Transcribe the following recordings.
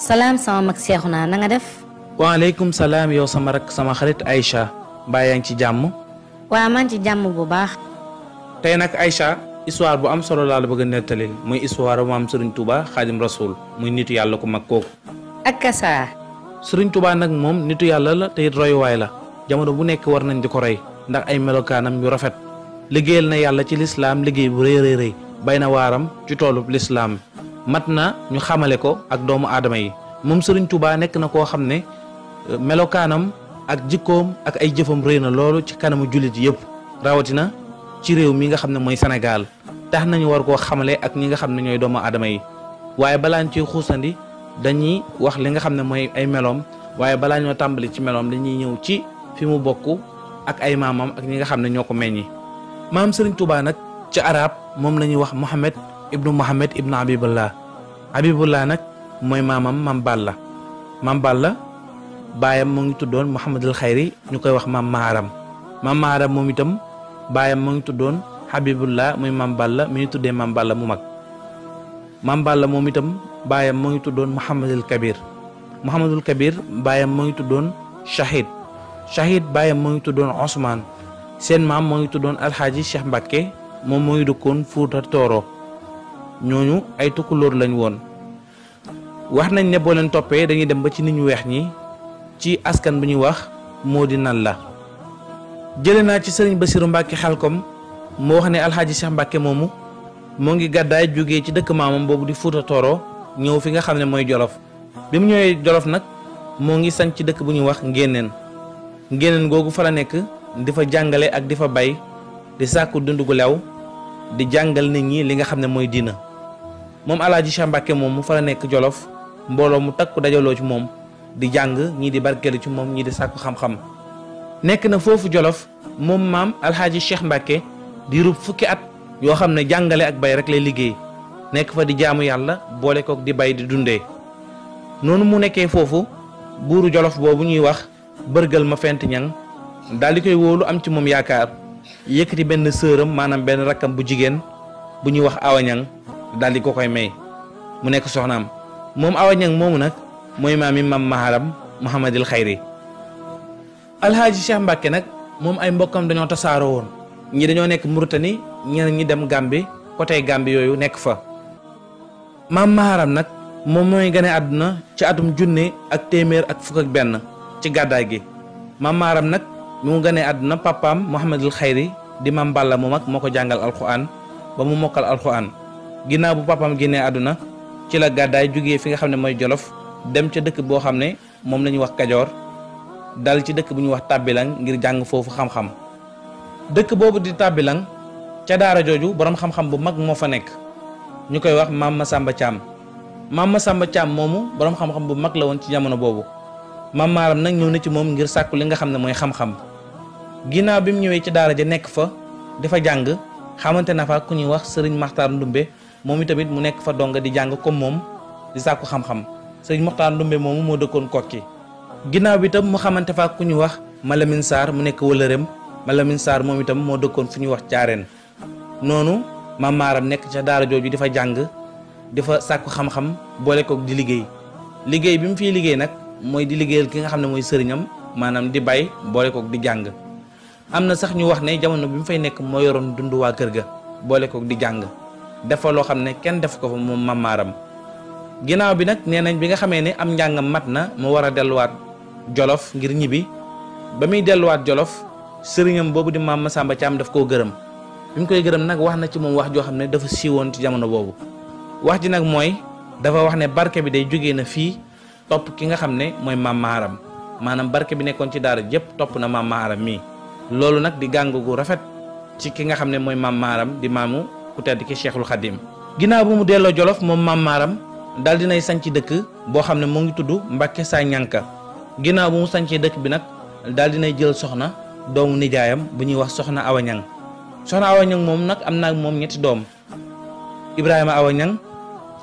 salaam sama mag Seexuna naa nga def. waaleykum salaam yow sama rak sama xarit Aïcha mbaa yaa ngi ci jàmm. waa man ci jàmm bu baax. tey nag Aïcha histoire bu am solo laa la bëgg a muy histoire bu am Serigne Touba Xaadim Rasoul muy nitu yàlla ko mag kooku. ak kasaa. Serigne Touba nag moom nitu yàlla la te royuwaay la jamono bu nekk war nañ di ko rey ndax ay melokaanam yu rafet liggéeyal na yàlla ci lislaam liggéey bu rëy rëy bay na waaram ci toolub lislaam mat na ñu xamale ko ak doomu aadama yi moom Serigne Touba nekk na koo xam ne euh, melokaanam ak jikkoom ak ay jëfam rëy na loolu ci kanamu jullit yëpp rawatina ci réew mi nga xam ne mooy Sénégal tax nañu war koo xamale ak ñi nga xam ne ñooy doomu aadama yi waaye balaa ñu ciy xuusandi dañuy wax li nga xam ne mooy ay meloom waaye balaa ñoo tàmbali ci meloom dañuy ñëw ci fi mu bokk ak ay maamam ak ñi nga xam ne ñoo ko meññi maam Serigne Touba nag ci arab moom la wax Mohamed ibnu Mohamed ibnu Habibullah Habibullah nag mooy maamam Mam Balla Mam Balla baayam mu ngi tuddoon Mohamadul Xayri ñu koy wax Mam Maharam Mam Maharam moom itam baayam mu ngi tuddoon Habibullah muy Mam Balla ngi tuddee Mam mu mag Mam Balla moom itam baayam mu ngi tuddoon Mohamadul Kabir Mohamadul Kabir baayam mu ngi tuddoon Shahid Shahid baayam mu ngi tuddoon Ousmane seen maam mu ngi tuddoon Alxaaji Cheikh Mbacke moom mu ngi dëkkoon Fuuta Tooro. ñooñu ay tukkulóor lañ woon wax nañ ne boo leen toppee dañuy dem ba ci nit ñu weex ñi ci askan bu ñuy wax moo di nan la jële naa ci sëriñ Basiru Mbàkke xalkom moo wax ne alxaaji Cheikh Mbàkke moomu moo ngi gàddaay jóge ci dëkk maamam boobu di Fuuta ñëw fi nga xam ne mooy Jolof bi mu ñëwee Jolof nag moo ngi sañ ci dëkk bu ñuy wax ngénneen ngénneen googu fa la nekk di fa jàngale ak di fa bay di sàkku dund gu lew di jàngal nit ñi li nga xam ne mooy diina moom alaaji Cheikh Mbacke moom mu fa la nekk jolof mbooloo mu takku dajaloo ci moom di jàng ñii di barkeelu ci moom ñii di sàkku xam-xam nekk na foofu jolof moom maam alhaaji Cheikh Mbacke di rub fukki at yoo xam ne jàngale ak bay rek lay liggéey nekk fa di jaamu yàlla boole kook di bay di dundee noonu mu nekkee foofu buuru jolof boobu ñuy wax bërgël ma fent ñang daal di koy wóolu am ci moom yaakaar yëkkati benn sëram maanaam benn rakkam bu jigéen bu ñuy wax awañang daal di ko koy may mu nekk yang moom awa ñang imam Imam mam maharam Mouhamadil Al alhaaji Cheikh Mbacke nag moom ay mbokkam dañoo tasaaroo woon ñi dañoo nekk Mauritanie ñeneen ñi dem Gambie côté Gambie fa mam maharam nak moom mooy gane àdduna ci atum junne ak téeméer ak fukk ak benn ci gàddaay gi mam maharam nak mu gane àdduna papam Mouhamadil khairi di mam Balla moom ak moo ko jàngal alquran ba mu alquran ginnaaw bu papaam génnee àdduna ci la gàddaay jóge fi nga xam ne mooy jolof dem ca dëkk boo xam ne moom la wax kajoor dal ci dëkk bu ñuy wax tàbbilang ngir jàng foofu xam-xam dëkk boobu di tàbbilang ca daara jooju borom xam-xam bu mag moo fa nekk ñu koy wax maam Masamba caam maam Masamba Thiam moomu borom xam-xam bu mag la woon ci jamono boobu maam Maaram nag ñëw na ci moom ngir sàkku li nga xam ne mooy xam-xam ginnaaw bi mu ñëwee ci daara ja nekk fa dafa jàng xamante na momi itamit mu fadonga fa donga di jàng comme moom di sàkku xam-xam sëriñ Moxtaar Ndumbe moomu moo dëkkoon kokki ginnaaw bi itam mu xamante fa ku ñu wax Malamine Sarr mu nekk wëlëreem Malamine Sarr moom itam moo dëkkoon fu ñuy wax caareen noonu maam maaram nekk ca daara jooju di fa jàng di xam-xam boole koog di liggéey liggéey bi mu fiy liggéey nag mooy di ki nga ne mooy sëriñam di bay boole koog di sax ñu wax ne jamono bi mu fay kër ga di def fa loo xam ne kenn def ko fa moom maam maaram ginnaaw bi nag nee bi nga ne am mu jolof ngir ñibbi ba muy jolof sëriñam bobo di maam Masamba Thiam daf koo gërëm bi koy gërëm nag wax na ci moom wax joo xam ne dafa siiwoon ci jamono boobu wax ji nag mooy dafa wax ne barke bi day jógee na fi top ki nga xam ne mooy maam maaram maanaam barke bi ci daara na mamaram mi mii loolu di gàngu gu rafet ci ki nga di ku tedd ki cheikhul xadim ginnaaw bu mu delloo jolof moom maam maaram dal dinay sanc dëkk boo xam ne mu ngi tudd mbàkke saa ñànka ginnaaw bu mu sancee dëkk bi nag dal dinay jël soxna doomu nijaayam bu ñuy wax soxna awa ñang soxna awa ñang moom nag am naa moom ñetti doom ibrahima awa ñang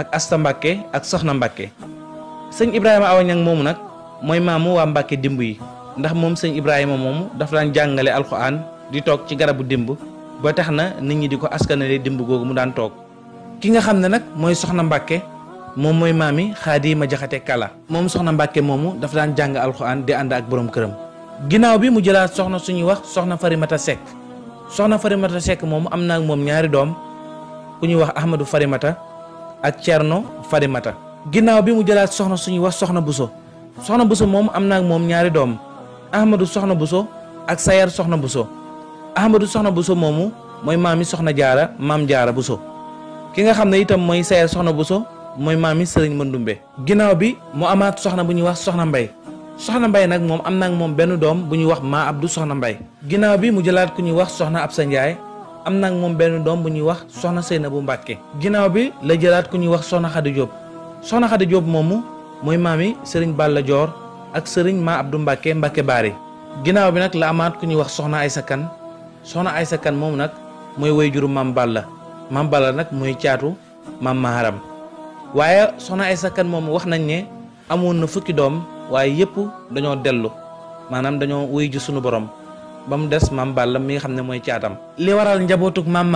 ak asta mbàkke ak soxna mbàkke sëñ ibrahima awa ñang moomu nag mooy maamu waa mbàkke yi ndax moom sëñ ibrahima moomu dafa daan jàngale alxuraan di tok ci garabu dimb ba tax nit ñi di ko askanale dimb googu mu daan tok ki nga xam ne nag mooy soxna mbàkke moom mooy maami xaadima jaxate kala moom soxna mbàkke moomu dafa daan jàng alxuraan di ànd ak borom këram ginnaaw bi mu jëlaat soxna suñuy wax soxna farimata sek soxna farimata sek moomu amna ak moom ñaari ku wax ahmadu farimata ak cerno farimata ginnaaw bi mu jëlaat soxna wax soxna buso soxna buso moomu amna na ak dom ñaari ahmadu soxna buso ak sayar soxna buso Ahmadou soxna Bousso buso momu, maami soxna jaara maam jaara Bousso ki nga xam ne itam mooy sayal soxna Bousso mooy maami sëriñ Mandumbe ginnaaw bi mu amaat soxna bu ñuy wax soxna Mbay soxna Mbay nag moom am nag moom benn doom bu ñuy wax maa Abdou soxna Mbay ginnaaw bi mu jëlaat ku ñuy wax soxna Absa Njaay am nag moom benn doom bu wax soxna Seynabu Mbàkke ginnaaw bi la jëlaat ku ñuy wax soxna Xadi Jóob soxna Xadi Jóob moomu mooy maami sëriñ Balla Joor ak sëriñ ma Abdou Mbàkke Mbàkke bari ginnaaw bi nag la amaat ku ñuy wax soxna Kan soxna Aysa Kan moomu nag mooy woy juru la Balla Mam nag mooy caatu Mam Maharam waaye soxna Aysa Kan moom wax nañ ne amoon na fukki doom waaye yëpp dañoo dellu maanaam dañoo woy ji sunu borom ba mu des Mam Balla mi nga xam ne mooy caatam. li waral njabootug Mam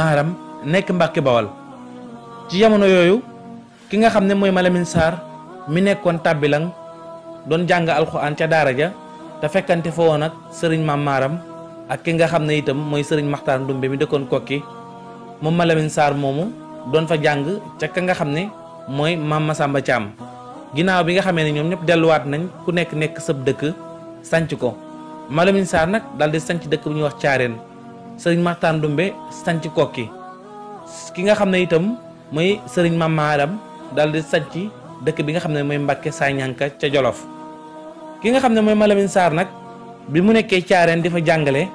nekk Mbàkke Bawal ci jamono yooyu ki nga xam ne mooy Malamine Sarr mi nekkoon Tàbbilang doon jàng alxuraan ca daara ja te fekkante fa woon ak sëriñ Mam ak ki nga xam ne itam mooy sëriñ Maxtaar Ndumbe mi dëkkoon kokki moom Malamine saar moomu doon fa jàng ca ka nga xam ne mooy Mame Massamba Thiam ginnaaw bi nga xamee ne ñoom ñëpp delluwaat nañ ku nekk nekk sëb dëkk sanc ko Malamine Sarr nag daal di sanc dëkk bu ñuy wax caareen sëriñ Maxtaar Ndumbe sanc kokki ki nga xam ne itam mooy sëriñ Mame Maram daal di sanc dëkk bi nga xam ne mooy Mbàkke Sañanka ca Jolof ki nga xam ne mooy Malamine Sarr nag bi mu nekkee caareen di fa jàngale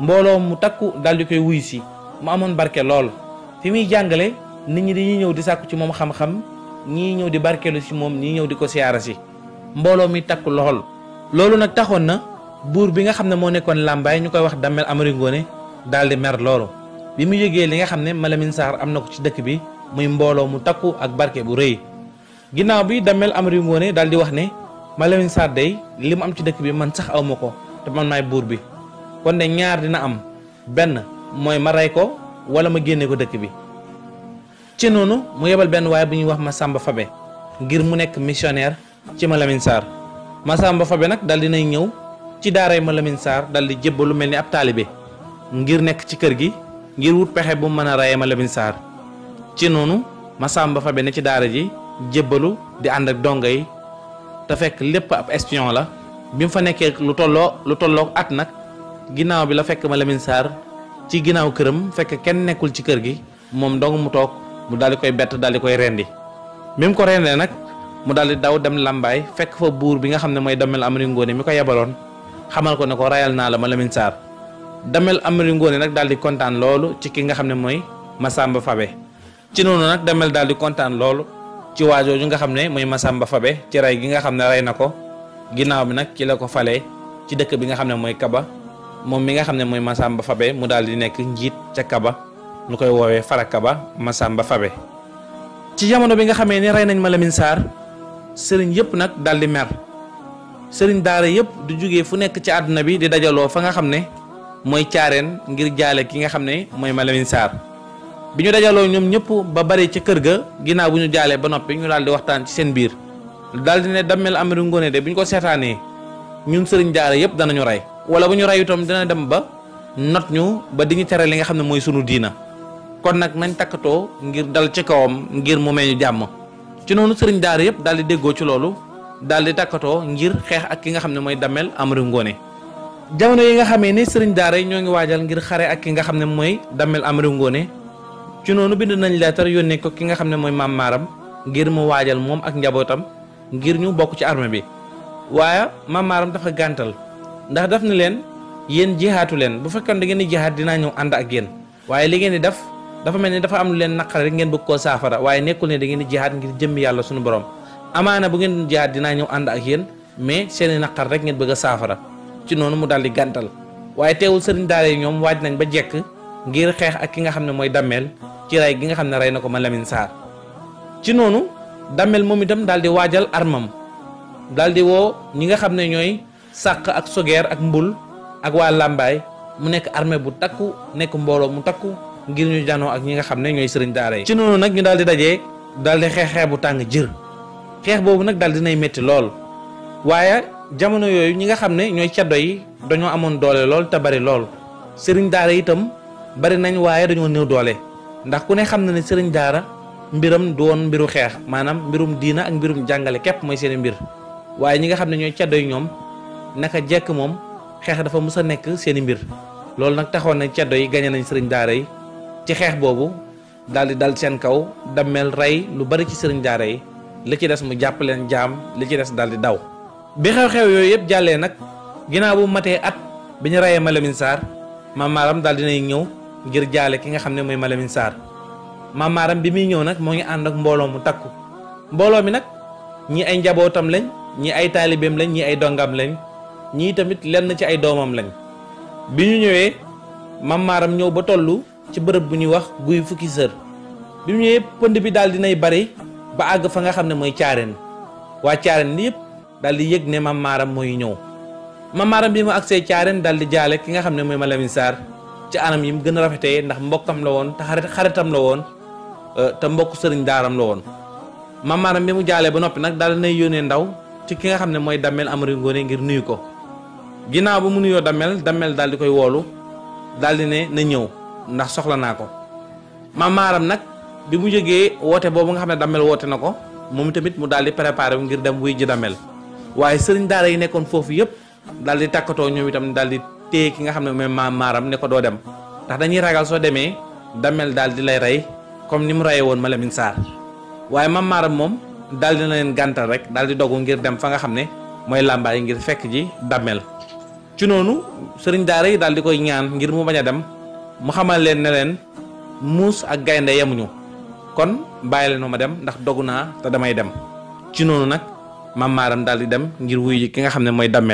mbooloo mu takku daal koy wuy si mu amoon barke lool fi muy jàngale nit ñi dañuy ñëw di sàkku ci moom xam-xam ñii ñëw di barkeelu si moom nii ñëw di ko siyaara si mbooloo mi takku loxol loolu nag taxoon na buur bi nga xam ne moo nekkoon làmbaay ñu koy wax Damel Amari Ngoone daal mer loolu bi mu yëgee li nga xam ne Malamine Sarr am na ko ci dëkk bi muy mbooloo mu takku ak barke bu rëy ginnaaw bi Damel Amari Ngoone daal di wax ne Malamine Sarr day li mu am ci dëkk bi man sax awma ko te man maay buur bi kon de ñaar dina am benn mooy ma rey ko wala ma génne ko dëkk bi ci noonu mu yebal benn waaye bu ñuy wax Massamba Fabe ngir mu nekk missionnaire ci Malamine Sarr Massamba Fabe nag dal dinay ñëw ci yi Malamine Sarr dal di jébbalu mel ni ab taalibe ngir nekk ci kër gi ngir wut pexe bu mu mën a reyee Malamine Sarr ci noonu Massamba Fabe ne ci daara ji jébbalu di ànd ak dongo yi te fekk lépp ab espion la bi mu fa nekkee lu tolloo lu tolloo at nag ginnaaw bi la fekk ma Lamine saar ci ginnaaw këram fekk kenn nekkul ci kër gi moom dong mu toog mu daal di koy bett daal di koy rendi bi mu ko rendee nag mu daal di daw dem làmbaay fekk fa buur bi nga xam ne mooy Damel Amari Ngoone mi ko yebaloon xamal ko ne ko rayal naa la ma Lamine Sarr Damel Amari Ngoone nag daal di kontaan loolu ci ki nga xam ne mooy Masamba Fabe ci noonu nag Damel ci waajooju nga xam ne mooy Masamba Fabe ci rey gi nga xam ne rey na ko ginnaaw bi nag ci la ko falee ci dëkk bi nga xam ne mooy Kaba moom mi nga xam ne mooy Masamba Fabe mu daal di nekk njiit ca Kaba ñu koy woowee Fara Kaba Masamba Fabe ci jamono bi nga xamee ne rey nañ ma Lamine Sarr sëriñ yëpp nag daal di mer sëriñ daara yëpp di jóge fu nekk ci àdduna bi di dajaloo fa nga xam ne mooy caareen ngir jaale ki nga xam ne mooy ma Lamine Sarr bi ñu dajaloo ñoom ñëpp ba bari ci kër ga ginnaaw bu ñu jaalee ba noppi ñu daal di waxtaan ci seen biir daal di ne dammel Amari Ngoone de bu ñu ko seetaanee ñun sëriñ daara yëpp danañu rey wala bu ñu rey itam dana dem ba not ñu ba di tere li nga xam ne mooy sunu diina kon nag nañ takkatoo ngir dal ci kawam ngir mu meñu jàmm ci noonu sëriñ daara yëpp daal di déggoo ci loolu daal di takkatoo ngir xeex ak ki nga xam ne mooy dammel Amari Ngoone jamono yi nga xamee ne sëriñ daara yi ñoo ngi waajal ngir xare ak ki nga xam ne mooy dammeel Amari Ngoone ci noonu bind nañ leetar yónnee ko ki nga xam ne mooy maam ngir mu waajal moom ak njabootam ngir ñu bokk ci armée bi waaye maam maaram dafa gàntal ndax def ni leen yéen jihaatu leen bu fekkoon da ngeen di jihaat dinaa ñëw ànd ak yéen waaye li ngeen di def dafa mel ni dafa am lu leen naqare rek ngeen bëgg koo saafara waaye nekkul ne da ngeen di jihaat ngir jëmmi yàlla suñu borom amaana bu ngeen jihaat dinaa ñëw ànd ak yéen mais seeni naqar rek ngeen bëgg a saafara ci noonu mu daal di gàntal ngir xeex ak ki nga xam ne mooy dammeel ci rey gi nga xam ne rey na ko ma Lamine Sarr ci noonu dammeel moom itam daal di waajal armam daal di woo ñi nga xam ne ñooy sàq ak sogeer ak mbul ak waa làmbaay mu nekk armée bu takku nekk mbooloo mu takku ngir ñu janoo ak ñi nga xam ne ñooy sëriñ daara yi ci noonu nag ñu daal di dajee daal di xeex xeex bu tàng jër xeex boobu nag daal nay metti lool waaye jamono yooyu ñi nga xam ne ñooy caddo yi dañoo amoon doole lool te bari lool sëriñ daara itam bari nañ waaye dañoo néew doole ndax ku ne xam na ne sëriñ daara mbiram doon mbiru xeex maanaam mbirum diina ak mbirum jàngale képp mooy seen mbir waaye ñi nga xam ne ñooy ceddoy ñoom naka jekk moom xeex dafa mës a nekk seeni mbir loolu nag taxoon na ceddo yi gañe nañ sëriñ daara yi ci xeex boobu daal di dal seen kaw dammel rey lu bari ci sëriñ daara yi li ci des mu jàpp leen jaam li ci des daal di daw bi xew-xew yooyu yëpp jàllee nag ginnaaw bu matee at bi ñu reyee Malamine Sarr maam maaram daal dinay ñëw ngir jaale ki nga xam ne mooy Malamine saar maamaaram bi muy ñëw nag moo ngi ànd ak mbooloo mu takku mbooloo mi nag ñii ay njabootam lañ ñii ay taalibeem lañ ñii ay dongam lañ ñii tamit lenn ci ay doomam lañ bi ñu ñëwee maamaaram ñëw ba tollu ci bërëb bu ñuy wax guy fukki sër bi mu ñëwee pënd bi daal nay bari ba àgg fa nga xam ne mooy caareen waa caareen yëpp daal di yëg ne maamaaram mooy ñëw maamaaram bi mu agsee caareen daal di jaale ki nga xam ne mooy Malamine Sarr ci anam yi mu gën a rafetee ndax la woon te xarit xaritam la woon euh, te mbokk sëriñ daaram la woon mamaaram bi mu jaalee ba noppi nag daal nay yónnee ndaw ci ki nga xam ne mooy dammel Amari Ngoone ngir nuyu ko ginnaaw ba mu nuyoo dammel dammel daal di koy woolu daal di ne na ñëw ndax soxla naa ko mamaaram nag bi mu jógee woote boobu nga xam ne dammel woote na ko moom tamit mu daal di préparé ngir dem wuy ji dammel waaye sëriñ daara yi nekkoon foofu yëpp daal takkatoo ñoom itam daal téye ki nga xam ne mooy maam maaram ne ko doo dem ndax dañuy ragal soo demee damel daal di lay rey comme ni mu reye woon Malamine Sarr waaye maam maaram moom daal dina leen gàntal rek daal di dogu ngir dem fa nga xam ne mooy làmbaay ngir fekk ji dammeel ci noonu sëriñ daara yi daal di koy ñaan ngir mu bañ a dem mu xamal leen ne leen muus ak gaynde yemuñu kon bàyyi leen ma dem ndax dogu naa te damay dem ci noonu nag maam maaram daal di dem ngir wuyu ki nga xam ne mooy dammel